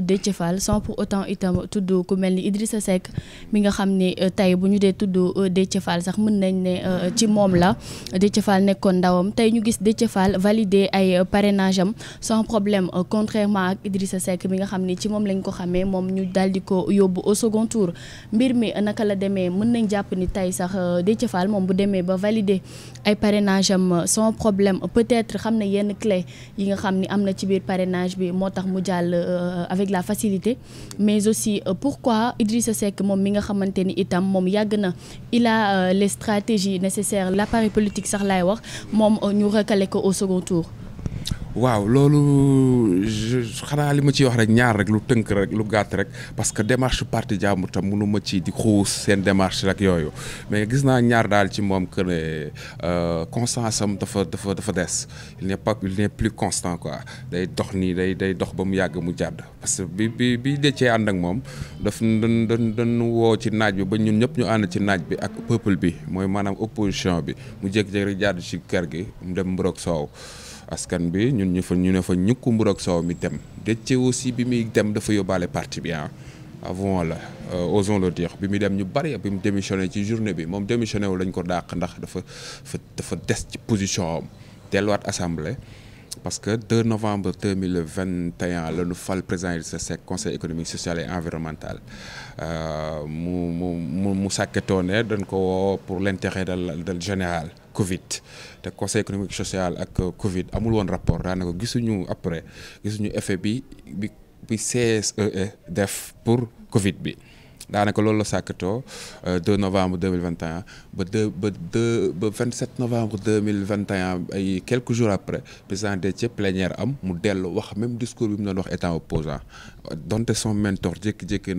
de Fall sans pour autant itam tudd ku mel ni Idrissa Seck mi nga xam ne euh, tey bu ñu dee tudd euh, Déthié Fall sax mën nañ ne euh, ci moom la Déthié Fall nekkoon ndawam tey ñu gis Déthié Fall valider ay parrainage am sans problème contrairement ak Idrissa Seck mi nga xam ne ci moom lañ ko xamee moom ñu daal di au second tour mbir mi naka la demee mën nañ jàpp ni tey sax Déthié Fall moom bu demee ba valider ay parrainage am sans problème peut-être xam na yenn clé yi nga xam ni am na ci biir parrainage bi moo tax mu jàll avec la facilité mais aussi euh, pourquoi Idrissa Seck mom mi nga xamanteni itam mom il a euh, les stratégies nécessaires l'appareil politique sax lay wax mom euh, ñu recalé ko au second tour waaw loolu xanaa li ma ciy wax rek ñaar rek lu tënk rek lu gàtt rek parce que démarche parti jàmbur tam mënu ma ci di xuus seen démarche rek yooyu mais gis naa ñaar daal ci moom que ne euh, constance am dafa dafa dafa des il n'est pas il constant quoi day dox nii day day dox ba mu yàgg mu jàdd parce que bi bi bi dëccee ànd ak moom daf dan dan dan woo ci naaj bi ba ñun ñëpp ñu ànd ci naaj bi ak peuple bi mooy maanaam opposition bi mu jékki-jékki rek jàdd ci kër gi mu dem mbrok soow askan bi ñun ñu fa ñu ne fa ñukku mbur ak soow mi dem Déthié aussi bi mi dem dafa yobale parti bi ah avant ah, la euh, osons le dire bi mi dem ñu bari bi mu démissioné ci journée bi mom démissioné wu lañ ko daq ndax dafa dafa des ci position am delluwaat assemblée parce que 2 novembre 2021 le ñu fall président Idrissa conseil économique social et environnemental euh mu mu mu sàkketoo dañ ko pour l'intérêt intérêt de général Covid le conseil économique social avec euh, Covid amul woon rapport a gisuñu après gisuñu effet bi bi bi CSEE e def pour Covid bi. daanaka a la sàkkatoo 2 euh, novembre 2021 Le 2 27 novembre 2021 quelques jours après le président la plénière am mu dellu wax même discours bi mu wax étant opposant donte son mentor que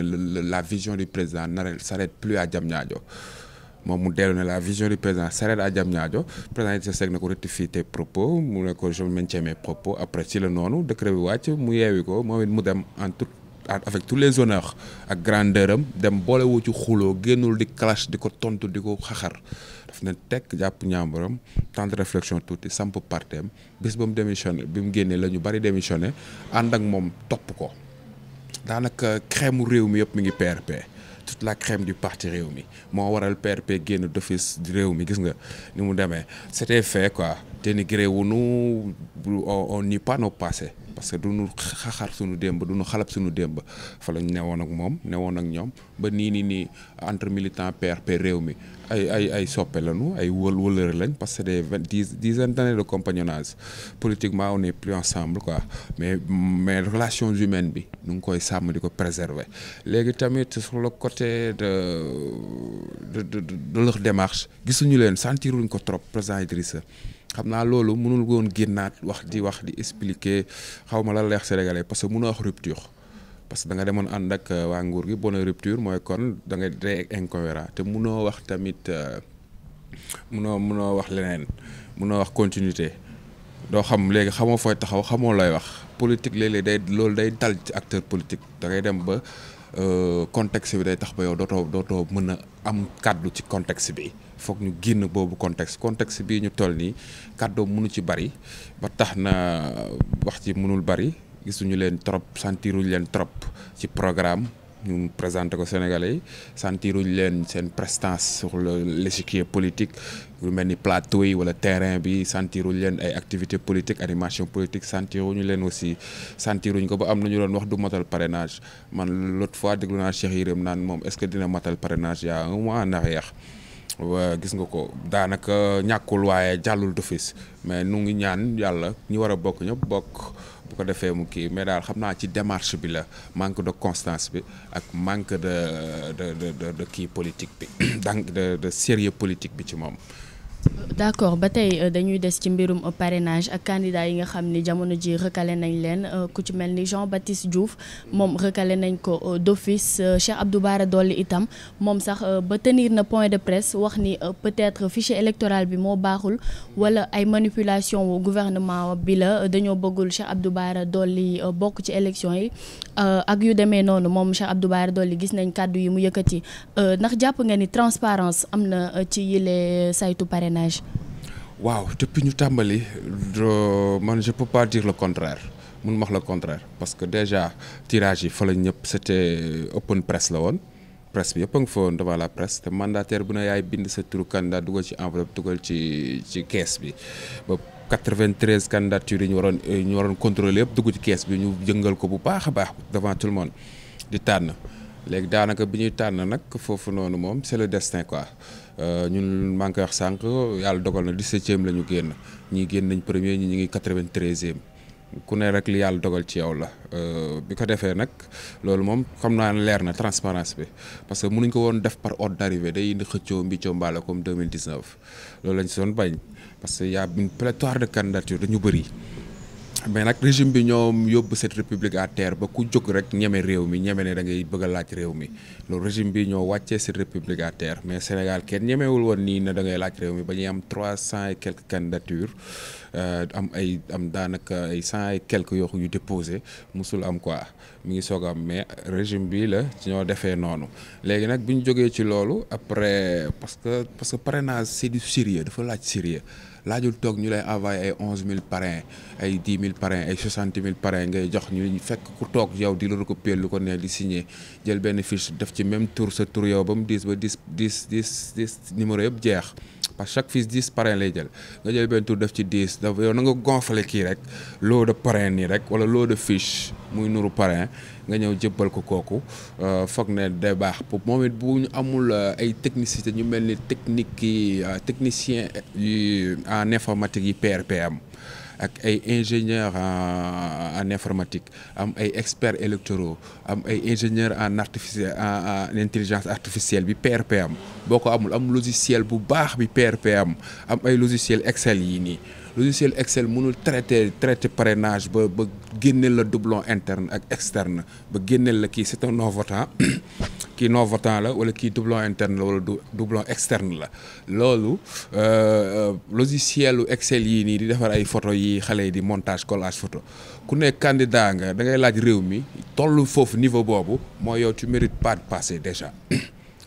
la vision du président ne s'arrête plus à Diamniadio moom mu dellu ne la vision du président s'arrête à Diamniadio président Idrissa Seck na ko rectifier tes propos mu ne ko je maintiens mes propos après ci la noonu décret bi wàcc mu yeewi ko moom it mu dem en tout avec tous les honneurs ak grandeur am dem boolewu ci xuloo génnul di clash di ko tontu di ko xaxar def na tekk jàpp ñaambaram temps de réflexion tuuti samp parteem bis ba mu démissionné bi mu génnee la ñu bari démissionné ànd ak moom topp ko daanaka crème réew mi yëpp mi ngi PRP toute la crème du parti réew mi le waral PRP génn d'office du réew gis nga ni c'était fait quoi dénigré nous on n'y pas nos passés parce que du nu xaxar suñu démb du nu xalab suñu démb fa lañ newoon ak moom newoon ak ñoom ba nii nii nii entre militant PRP réew mi ay ay ay soppe lañu ay wël wëlëre lañ parce que des vingt dix dizaine d'années de compagnonnage politiquement on n'est plus ensemble quoi mais mais relations humaines bi nu ngi koy sàmm di ko préserver léegi tamit sur le côté de de de leur démarche gisuñu leen sentiruñ ko trop président sa xam naa loolu mënul woon génnaat wax di wax di expliquer xaw ma la lay wax sénégalais parce que mënoo wax rupture parce que da nga demoon ànd ak euh, waa nguur gi bonne rupture mooy kon da nga dee incohérent te mënoo wax tamit euh, mënoo mënoo wax leneen mënoo wax continuité doo xam léegi xamoo fooy taxaw xamoo lay wax. politique lélé day lolou day tal ci acteur politique da ngay dem ba euh contexte bi day tax ba yow doto doto meuna am cadeau ci contexte bi fokk ñu guinn bobu contexte contexte bi ñu toll ni cadeau mënu ci bari ba na wax ci mënul bari gisunu len trop sentiru len trop ci programme nous présenter aux Sénégalais yi sentiruñ une prestance sur le l'échiquier politique vous mel plateau yi wala terrain bi sentiruñ leen ay activité politique animation politique sentiruñu aussi sentiruñ ko ba am nañu doon wax du matal parrainage man l'autre fois de naa Cheikh Yérim est-ce que dina matal parrainage a un mois en arrière waa gis nga ko daanaka ñàkkul waaye jàllul d'office mais nous ngi ñaan yàlla ñi war a bu ko defee mu kii mais daal xam naa ci démarche bi la manque de constance bi ak manque de de de de kii politique bi donc de de sérieux politique bi ci moom d'accord ba tey euh, dañuy des ci mbirum parrainage ak candidat yi nga xam ni jamono ji recalé nañ leen euh, ku ci mel ni Jean Baptiste Diouf moom recalé nañ ko euh, d'office Cheikh Abdou Bara Dolly itam moom sax ba tenir na point de presse wax ni peut-être fichier électoral bi moo baaxul wala ay manipulation wu gouvernement bi la dañoo bëggul Cheikh Abdou Bara Dolly bokk ci élection yi ak yu demee noonu moom Cheikh Abdou Bara Dolly gis nañ kàddu yi mu yëkkati ndax jàpp nga ni transparence am na ci yile saytu parrainage parrainage waaw depuis ñu Tambali, man je peux pas dire le contraire mun pas le contraire parce que déjà tirage yi fa la c'était open press la woon presse bi yëpp a nga devant la presse te mandataire bu ne yaay bind sa turu candidat dugal ci enveloppe dugal ci ci kees bi ba 93 candidatures nous ñu contrôlé ñu waroon contrôler Nous dugg ci kees bi ñu jëngal ko bu baax baax devant tout le monde di tànn c'est le destin quoi euh, ñun maa koy wax nous avons dogal na 17e Nous nañ premier ñi 93e ku rek li yàlla dogal ci yow la euh, transparence parce que nous ko par ordre d'arrivée day indi 2019 Nous lañ en bañ parce que y a une pléthore de candidatures mais nak régime bi ñoom yóbbu cette république à terre ba ku jog rek ñeme réew mi ñeme ne da ngay bëgg laaj réew mi loolu régime bi ñoo wàccee cette république à terre mais Sénégal kenn ñemewul woon ni na da ngay laaj réew mi ba ñi am trois et quelques candidatures euh, am ay am danaka ay 100 et quelques yoo yu déposé musul am quoi mi ngi soog mais régime bi la ci ñoo défé noonu légui nak bu joggé ci loolu après parce que parce que parrainage c'est du sérieux dafa laaj sérieux nous avons travaillé 11 000 parrains, 10 000 parrains, 60 000 parrains. Nous avons fait un tour de l'école, nous avons signé. Nous avons fait tour de l'école, tour de parce chaque fils 10 parrain lay jël nga jël tour def ci 10 da nga gonfler rek de parrain ni rek wala lot de fiche nuru parrain nga ko euh, pour technicien en informatique PRPM ak ay ingénieurs en informatique am ay experts électoraux am ingénieurs en intelligence artificielle bi PRPM. boko amul am logiciel bu baax bi PRPM am ay logiciel Excel yi ni logiciel Excel mënul traiter traiter parrainage ba ba le doublon interne ak externe ba la ki c'est un non votant kii non la wala kii doublon interne la wala doublon externe la loolu euh, logiciel lu Excel yii nii di defar ay photo yi xale yi di montage collage photo ku nekk candidat nga da ngay laaj réew mi toll foofu niveau boobu mooy yow tu mérites pas de déjà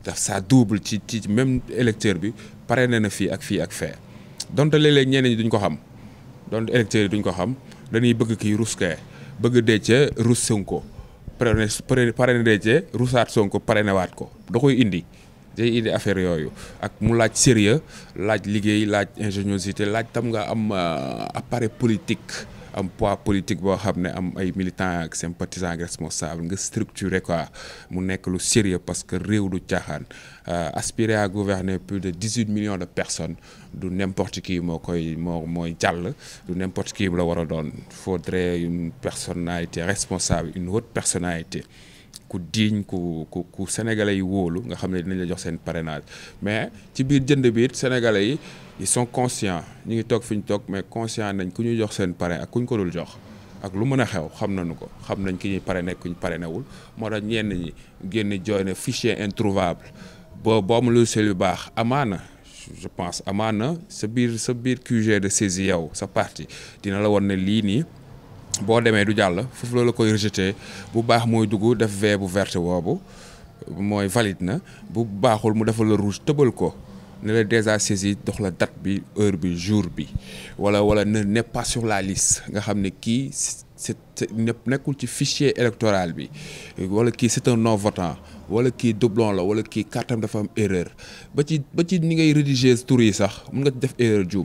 daf saa double ci ci même électeur bi pare na na fii ak fii ak fee donte léeg-léeg ñeneen ñi duñ ko xam donte électeurs yi duñ ko xam dañuy bëgg kii ruskee bëgg Déthié rus Sonko pare na pare na Déthié rusaat Sonko pare na waat ko da koy indi day indi affaire yooyu ak mu laaj sérieux laaj liggéey laaj ingéniosité laaj tam nga am euh, appareil politique am poids politique bo xamné am ay militants ak sympathisants responsables nga structuré quoi mu nek lu parce que Rio de caaxaan euh, aspirer à gouverner plus de 18 millions de personnes du n'importe qui mo koy n'importe qui la wara don faudrait une personnalité responsable une haute personnalité ku digne, ku ku sénégalais yi nga xamné la jox sen parrainage mais ci biir jënd biir sénégalais ils sont conscients ñi ngi mais conscients. nañ ku ñu jox sen parrain ak kuñ ko dul jox ak lu mëna xew xam nañu ko xam ki ñi parrainé ku parrainé wul mo ñenn ñi fichier introuvable bo lu je pense amana biir de sa parti dina la bo demee du Jall, fofu loolu la koy rejeter bu baax moy duggu def vee bu verte boobu moy valide na bu baaxul mu defal rouge tëbal ko ne la déjà saisi dox la date bi heure bi jour bi wala wala ne n'est pas sur la liste nga xam ne kii c'est nekul ci fichier électoral bi wala ki c'est un non votant wala ki doublon la wala ki carte dafa am erreur ba ci ba ci ni ngay rédiger tur yi sax mën nga def erreur juum